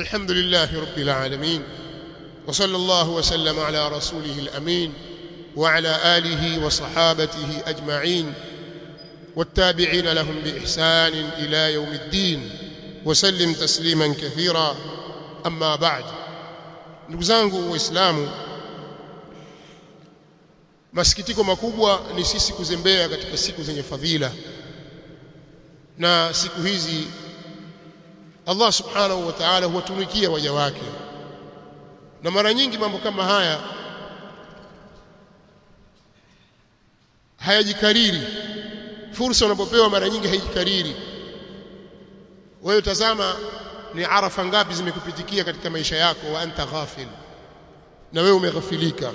الحمد لله رب العالمين وصلى الله وسلم على رسوله الأمين وعلى آله وصحابته أجمعين والتابعين لهم بإحسان إلى يوم الدين وسلم تسليما كثيرا أما بعد ndugu وإسلام waislamu masikitiko makubwa ni sisi kuzembea katika فضيلة na siku hizi Allah subhanahu wa ta'ala huwatumikia waja wake na mara nyingi mambo kama haya hayajikariri fursa unapopewa mara nyingi haijikariri wewe tazama ni arafa ngapi zimekupitikia katika maisha yako wa anta ghafil na wewe umeghafilika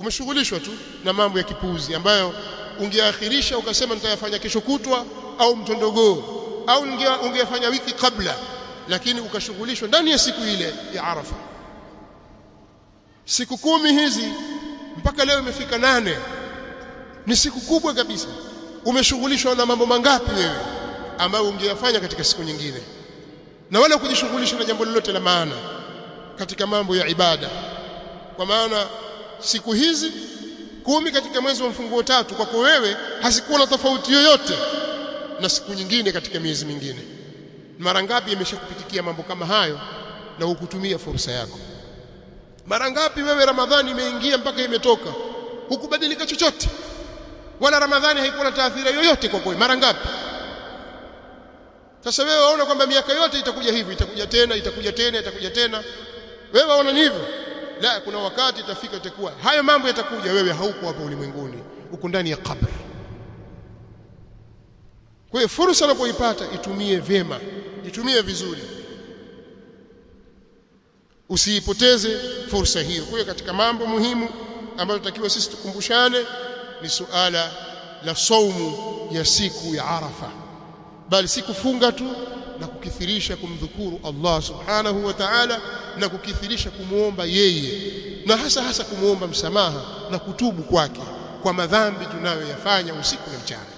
umeshughulishwa tu na mambo ya kipuuzi ambayo ungeakhirisha ukasema nitayafanya kesho kutwa au mtondogoo au ungefanya wiki kabla, lakini ukashughulishwa ndani ya siku ile ya Arafa. Siku kumi hizi mpaka leo imefika nane, ni siku kubwa kabisa. Umeshughulishwa na mambo mangapi wewe ambayo ungeyafanya katika siku nyingine, na wala kujishughulisha na jambo lolote la maana katika mambo ya ibada, kwa maana siku hizi kumi katika mwezi wa mfunguo tatu kwako wewe hazikuwa na tofauti yoyote na siku nyingine katika miezi mingine. Mara ngapi imeshakupitikia mambo kama hayo na hukutumia fursa yako? Mara ngapi wewe Ramadhani imeingia mpaka imetoka, hukubadilika chochote, wala Ramadhani haikuwa na taathira yoyote kwa kweli? Mara ngapi? Sasa wewe waona kwamba miaka yote itakuja hivyo, itakuja tena, itakuja tena, itakuja tena. Wewe waona ni hivyo? La, kuna wakati itafika, itakuwa hayo mambo yatakuja, wewe hauko hapa ulimwenguni, uko ndani ya kabri. Kwa hiyo fursa unapoipata itumie vyema, itumie vizuri, usiipoteze fursa hiyo. Kwa hiyo katika mambo muhimu ambayo tutakiwa sisi tukumbushane ni suala la saumu ya siku ya Arafa, bali si kufunga tu na kukithirisha kumdhukuru Allah subhanahu wa ta'ala na kukithirisha kumwomba yeye na hasa hasa kumwomba msamaha na kutubu kwake kwa madhambi tunayoyafanya usiku na mchana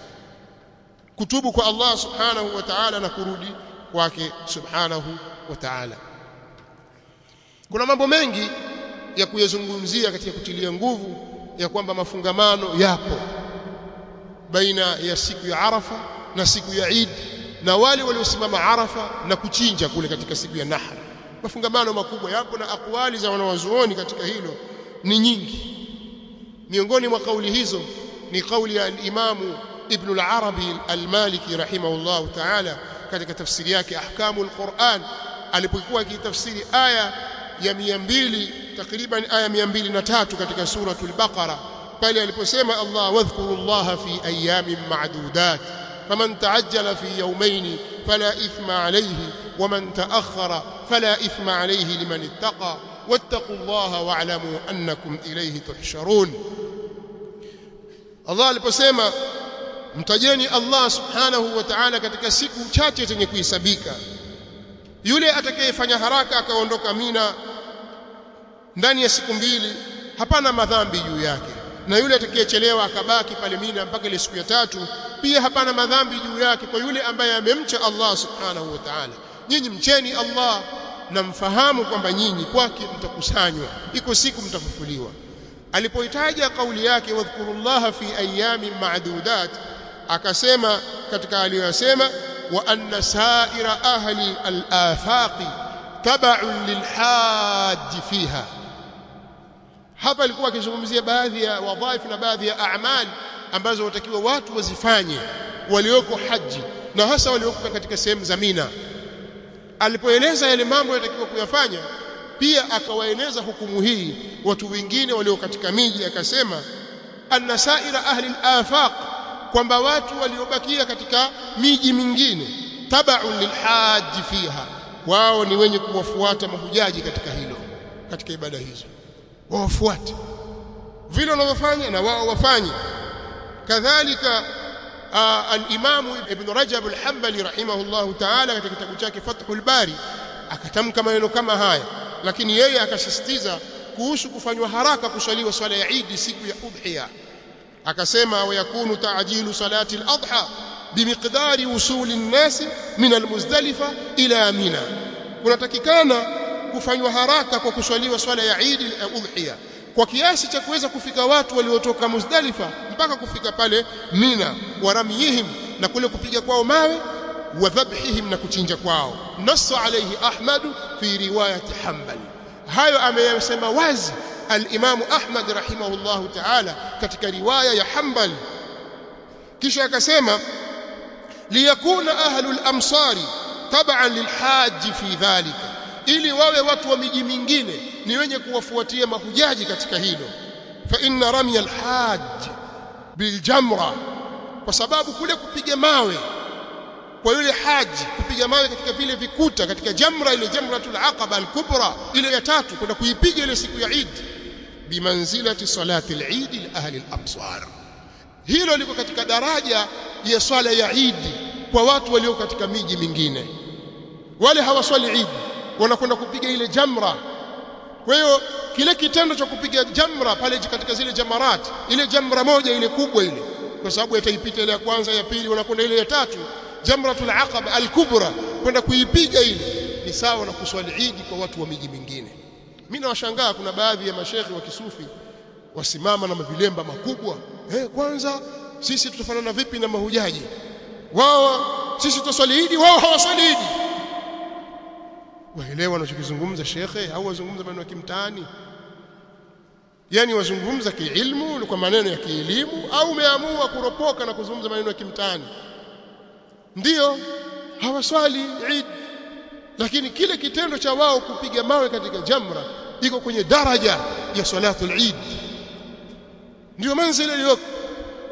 kutubu kwa Allah subhanahu wa ta'ala na kurudi kwake subhanahu wa ta'ala kuna mambo mengi ya kuyazungumzia katika kutilia nguvu ya kwamba mafungamano yapo baina ya siku ya Arafa na siku ya Eid na wale waliosimama Arafa na kuchinja kule katika siku ya Nahar mafungamano makubwa yapo na akwali za wanawazuoni katika hilo ni nyingi miongoni mwa kauli hizo ni kauli ya imamu Ibn al-Arabi al-Maliki rahimahullahu ta'ala katika tafsiri yake Ahkamul Quran alipokuwa akitafsiri aya ya 200 takriban aya 203 katika suratul Baqara pale aliposema Allah wadhkurullaha fi ayamin ma'dudat faman ta'ajjala fi yawmayn fala ithma alayhi waman ta'akhkhara fala ithma alayhi liman ittaqa wattaqullaha wa'lamu annakum ilayhi tuhsharun Allah aliposema mtajeni Allah subhanahu wa ta'ala katika siku chache zenye kuhesabika. Yule atakayefanya haraka akaondoka Mina ndani ya siku mbili, hapana madhambi juu yake, na yule atakayechelewa akabaki pale Mina mpaka ile siku ya tatu, pia hapana madhambi juu yake, kwa yule ambaye amemcha Allah subhanahu wa ta'ala. Nyinyi mcheni Allah na mfahamu kwamba nyinyi kwake mtakusanywa, iko siku mtafufuliwa. Alipoitaja kauli yake wadhkurullaha fi ayami ma'dudat akasema katika aliyosema wa anna sa'ira ahli al tabu tab'un lilhaji fiha hapa alikuwa akizungumzia baadhi ya wadhaifu na baadhi ya a'mal ambazo watakiwa watu wazifanye walioko haji na hasa walioko katika sehemu za Mina alipoeleza yale mambo yatakiwa kuyafanya pia akawaeleza hukumu hii watu wengine walio katika miji akasema anna sa'ira ahli al-afaq kwamba watu waliobakia katika miji mingine tabaun lilhaji fiha, wao ni wenye kuwafuata mahujaji katika hilo, katika ibada hizo wawafuate vile wanavyofanya na wao wafanye kadhalika. Alimamu Ibn Rajab Alhambali llahu taala katika kitabu chake Fathul Bari akatamka maneno kama haya, lakini yeye akasisitiza kuhusu kufanywa haraka kuswaliwa swala ya Idi siku ya Udhiya akasema wayakunu taajilu salati al bimiqdari usuli an min almuzdalifa ila mina kunatakikana kufanywa haraka kwa kuswaliwa swala ya idi al-Udhiya kwa kiasi cha kuweza kufika watu waliotoka Muzdalifa mpaka kufika pale Mina wa ramyihim na kule kupiga kwao mawe wa dhabhihim na kuchinja kwao nassa alayhi ahmadu fi riwayati Hanbal hayo ameyasema wazi alimamu Ahmad rahimahullahu ta'ala katika riwaya ya Hanbali kisha akasema liyakuna ahlul amsari taban lilhaji fi dhalika ili wawe watu wa miji mingine ni wenye kuwafuatia mahujaji katika hilo fa inna ramya alhaj biljamra kwa sababu kule kupiga mawe kwa yule haji kupiga mawe katika vile vikuta katika jamra ile jamratul aqaba alkubra ile ya tatu kwenda kuipiga ile siku ya idi bimanzilati salati lidi eid li ahli al hilo liko katika daraja ya swala ya idi kwa watu walio katika miji mingine wale hawaswali idi wanakwenda kupiga ile jamra kwa hiyo kile kitendo cha kupiga jamra pale katika zile jamarat ile jamra moja ile kubwa ile kwa sababu yataipita ile ya kwanza ya pili wanakwenda ile ya tatu jamratul aqaba alkubra kwenda kuipiga ile ni sawa na kuswali idi kwa watu wa miji mingine mimi nawashangaa kuna baadhi ya mashekhi wa kisufi wasimama na mavilemba makubwa. Eh, kwanza sisi tutafanana vipi na mahujaji? Wao sisi tutaswali Idi, wao hawaswali Waelewa wanachokizungumza shekhe au wazungumza maneno ya kimtaani? Yaani wazungumza kiilmu kwa maneno ya kielimu au umeamua kuropoka na kuzungumza maneno ya kimtaani? Ndiyo, hawaswali Idi lakini kile kitendo cha wao kupiga mawe katika jamra iko kwenye daraja ya salatul Eid, ndio manzili iliyoko.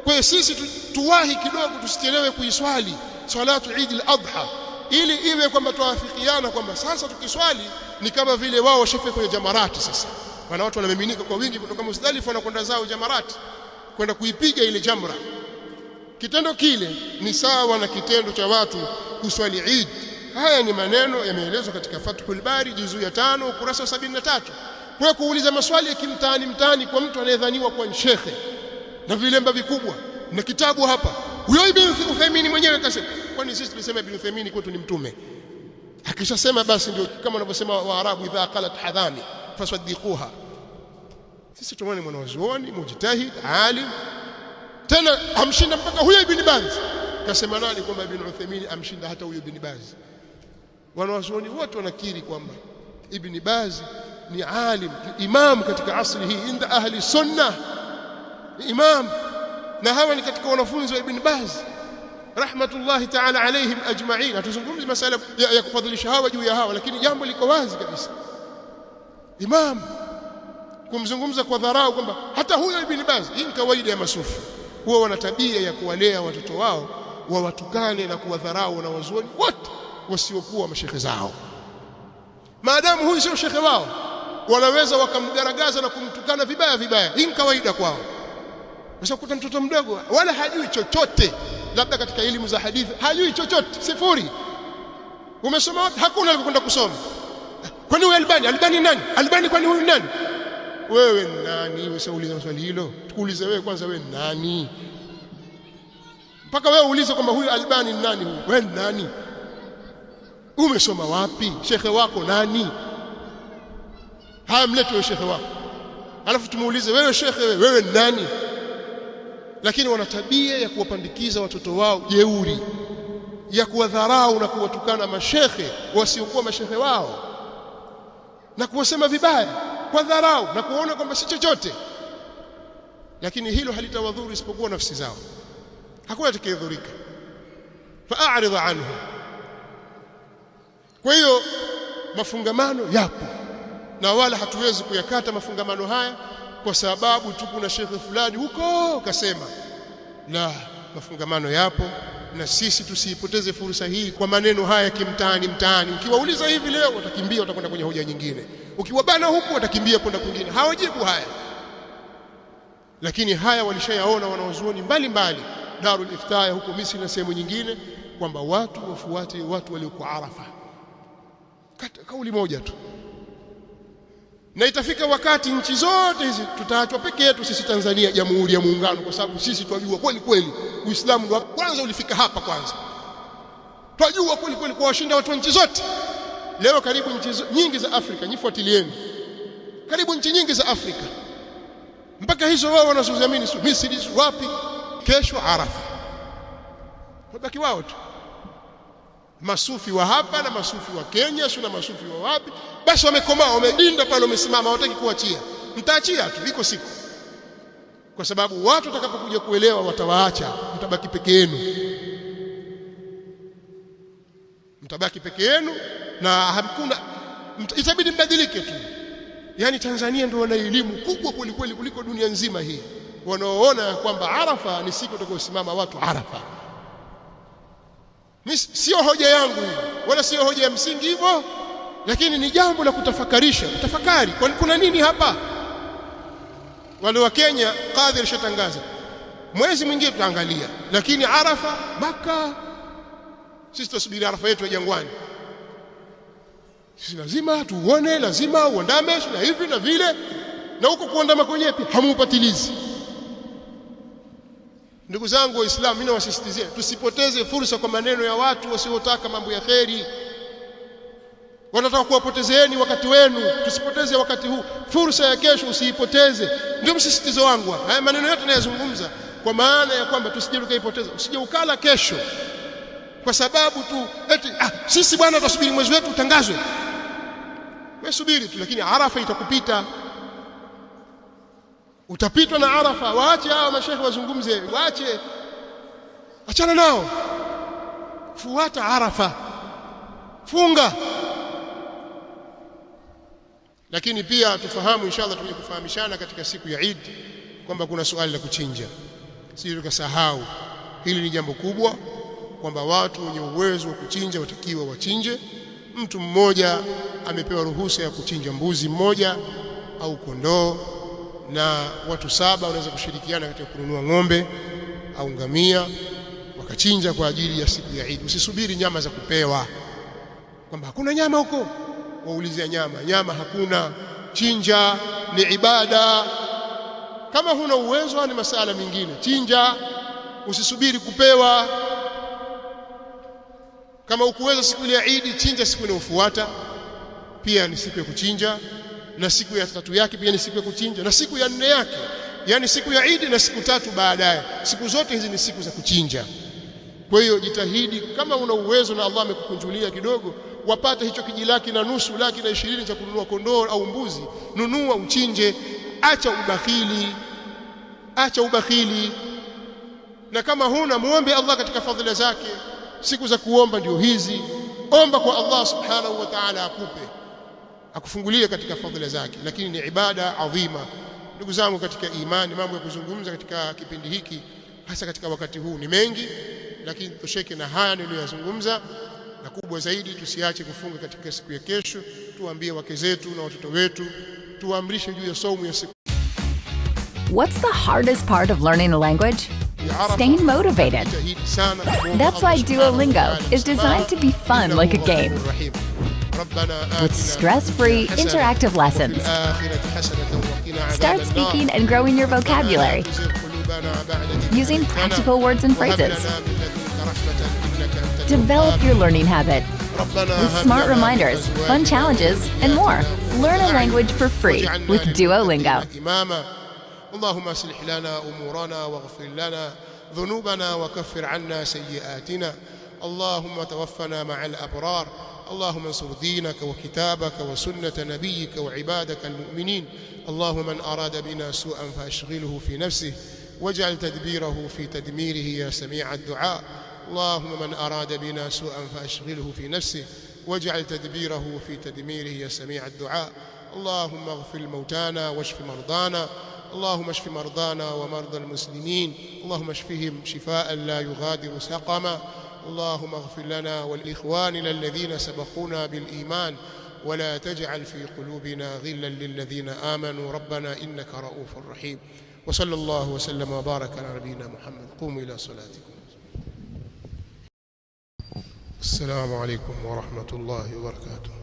Kwa hiyo sisi tuwahi kidogo, tusichelewe kuiswali salatu Eid al-Adha, ili iwe kwamba tuafikiana kwamba sasa tukiswali ni kama vile wao washafika kwenye jamarati. Sasa wana watu wanamiminika kwa wingi kutoka Muzdalifa wanakwenda zao jamarati kwenda kuipiga ile jamra. Kitendo kile ni sawa na kitendo cha watu kuswali Eid Haya ni maneno yameelezwa katika Fathul Bari juzu ya tano ukurasa wa sabini na tatu. Kwa kuuliza maswali ya kimtaani mtaani kwa mtu anayedhaniwa kuwa shekhe na vilemba vikubwa na kitabu hapa, huyo Ibn Uthaymeen mwenyewe kasema, kwani sisi tulisema Ibn Uthaymeen kwetu ni mtume? Akishasema basi ndio kama wanavyosema Waarabu, idha qalat hadhami faswaddiquha. Sisi tumwone mwanazuoni mujtahid alim, tena amshinda mpaka huyo Ibn Baz. Kasema nani kwamba Ibn Uthaymeen amshinda hata huyo Ibn Baz? wanawazuoni wote wanakiri kwamba ibni bazi ni alim imam katika asri hii inda ahli sunna imam na hawa ni katika wanafunzi wa ibn baz rahmatullahi ta'ala alaihim ajma'in hatuzungumzi masala ya, ya kufadhilisha hawa juu ya hawa lakini jambo liko wazi kabisa imam kumzungumza kwa dharau kwamba hata huyo ibn baz hii ni kawaida ya masufi huwa wana tabia ya kuwalea watoto wao wawatukane na kuwadharau na wazuoni wote wasiokuwa mashehe zao. Maadamu huyu sio shekhe wao, wanaweza wakamgaragaza na kumtukana vibaya vibaya. Hii ni kawaida kwao. kuta mtoto mdogo wala hajui chochote, labda katika elimu za hadithi hajui chochote, sifuri. Umesoma wapi? Hakuna alikokwenda kusoma. Kwani huyu Albani? Albani nani? Albani kwani huyu nani? Wewe nani? Wewe sauliza swali hilo, tukuulize wewe kwanza, wewe nani? Mpaka wewe uulize kwamba huyu Albani nani? Huyu wewe nani? umesoma wapi shekhe wako nani haya mlete wewe shekhe wako alafu tumuulize wewe shekhe wewe nani lakini wana tabia ya kuwapandikiza watoto wao jeuri ya kuwadharau na kuwatukana mashekhe wasiokuwa mashekhe wao na kuwasema vibaya kwa dharau na kuona kwamba si chochote lakini hilo halitawadhuru isipokuwa nafsi zao hakuna atakayedhurika fa'arid anhu kwa hiyo mafungamano yapo na wala hatuwezi kuyakata mafungamano haya kwa sababu tu kuna shekhe fulani huko kasema. La, mafungamano yapo na sisi tusiipoteze fursa hii kwa maneno haya kimtaani mtaani. Ukiwauliza hivi leo, watakimbia watakwenda kwenye hoja nyingine, ukiwabana huku watakimbia kwenda kwingine, hawajibu haya. Lakini haya walishayaona wanawazuoni mbalimbali, Darul Iftaya huko Misri na sehemu nyingine, kwamba watu wafuate watu walioko Arafa kauli moja tu, na itafika wakati nchi zote hizi tutaachwa peke yetu sisi Tanzania, Jamhuri ya Muungano, kwa sababu sisi twajua kweli kweli Uislamu ndio kwanza ulifika hapa kwanza. Twajua kweli kweli kwa washinda watu wa nchi zote. Leo karibu nchi nyingi za Afrika, nyifuatilieni, karibu nchi nyingi za Afrika mpaka hizo wao wanazoziamini Misri wapi, kesho Arafa, wabaki wao tu masufi wa hapa na masufi wa Kenya, sio na masufi wa wapi. Basi wamekomaa, wamedinda pale, wamesimama, hawataki kuachia. Mtaachia tu, iko siku, kwa sababu watu watakapokuja kuelewa watawaacha, mtabaki peke yenu, mtabaki peke yenu na hakuna, itabidi mbadilike tu. Yaani Tanzania ndio wana elimu kubwa kwelikweli kuliko dunia nzima hii, wanaoona kwamba Arafa ni siku utakayosimama watu Arafa Siyo hoja yangu wala siyo hoja ya msingi hivyo, lakini ni jambo la kutafakarisha. Tafakari, kuna nini hapa? Wale wa Kenya kadhi alishatangaza mwezi mwingine tutaangalia, lakini Arafa Maka, sisi tusubiri Arafa yetu ya jangwani. Sisi lazima tuone, lazima uandame na hivi na vile, na huko kuandama kwenyewe pia hamupatilizi ndugu zangu waislamu mimi nawasisitizia tusipoteze fursa kwa maneno ya watu wasiotaka mambo ya kheri wanataka kuwapotezeeni wakati wenu tusipoteze wakati huu fursa ya kesho usiipoteze ndio msisitizo wangu haya maneno yote nayazungumza kwa maana ya kwamba tusije tukaipoteza usije ukala kesho kwa sababu tu eti ah, sisi bwana tutasubiri mwezi wetu utangazwe wewe subiri tu lakini arafa itakupita utapitwa na Arafa. Waache hawa mashehe wazungumze, waache, achana nao, fuata Arafa, funga. Lakini pia tufahamu, inshallah tuje kufahamishana katika siku ya Eid kwamba kuna suali la kuchinja, si tukasahau hili. Ni jambo kubwa kwamba watu wenye uwezo wa kuchinja watakiwa wachinje. Mtu mmoja amepewa ruhusa ya kuchinja mbuzi mmoja au kondoo na watu saba wanaweza kushirikiana katika kununua ng'ombe au ngamia wakachinja kwa ajili ya siku ya Idi. Usisubiri nyama za kupewa, kwamba hakuna nyama huko, waulizia nyama, nyama hakuna. Chinja ni ibada. Kama huna uwezo, ni masala mengine, chinja, usisubiri kupewa. Kama ukuweza siku ya Idi, chinja siku inayofuata, pia ni siku ya kuchinja na siku ya tatu yake pia ni siku ya kuchinja na siku ya nne yake yani siku ya Idi na siku tatu baadaye. Siku zote hizi ni siku za kuchinja. Kwa hiyo jitahidi, kama una uwezo na Allah amekukunjulia kidogo, wapate hicho kijilaki na nusu laki na ishirini cha kununua kondoo au mbuzi, nunua uchinje. Acha ubakhili, acha ubakhili. Na kama huna, muombe Allah katika fadhila zake. Siku za kuomba ndio hizi. Omba kwa Allah subhanahu wa ta'ala akupe. akufungulie katika fadhila zake lakini ni ibada adhima ndugu zangu katika imani mambo ya kuzungumza katika kipindi hiki hasa katika wakati huu ni mengi lakini na haya na kubwa zaidi tusiache kufunga katika siku ya kesho tuambie wake zetu na watoto wetu tuamrishe juu ya somo ya siku What's the hardest part of learning a language? Staying motivated. That's why Duolingo is designed to be fun like a game. Uh, with stress free interactive lessons. Uh, Start speaking and growing your uh, vocabulary using practical words and phrases. Develop your learning habit with smart reminders, fun challenges, and more. Learn a language for free with Duolingo. اللهم اصلح لنا امورنا واغفر لنا ذنوبنا وكفر عنا سيئاتنا اللهم توفنا مع الابرار اللهم انصر دينك وكتابك وسنة نبيك وعبادك المؤمنين اللهم من أراد بنا سوءا فأشغله في نفسه واجعل تدبيره في تدميره يا سميع الدعاء اللهم من أراد بنا سوءا فأشغله في نفسه واجعل تدبيره في تدميره يا سميع الدعاء اللهم اغفر موتانا واشف مرضانا اللهم اشف مرضانا ومرضى المسلمين اللهم اشفهم شفاء لا يغادر سقما اللهم اغفر لنا والإخواننا الذين سبقونا بالإيمان ولا تجعل في قلوبنا غلا للذين آمنوا ربنا إنك رؤوف رحيم وصلى الله وسلم وبارك على نبينا محمد قوموا إلى صلاتكم السلام عليكم ورحمة الله وبركاته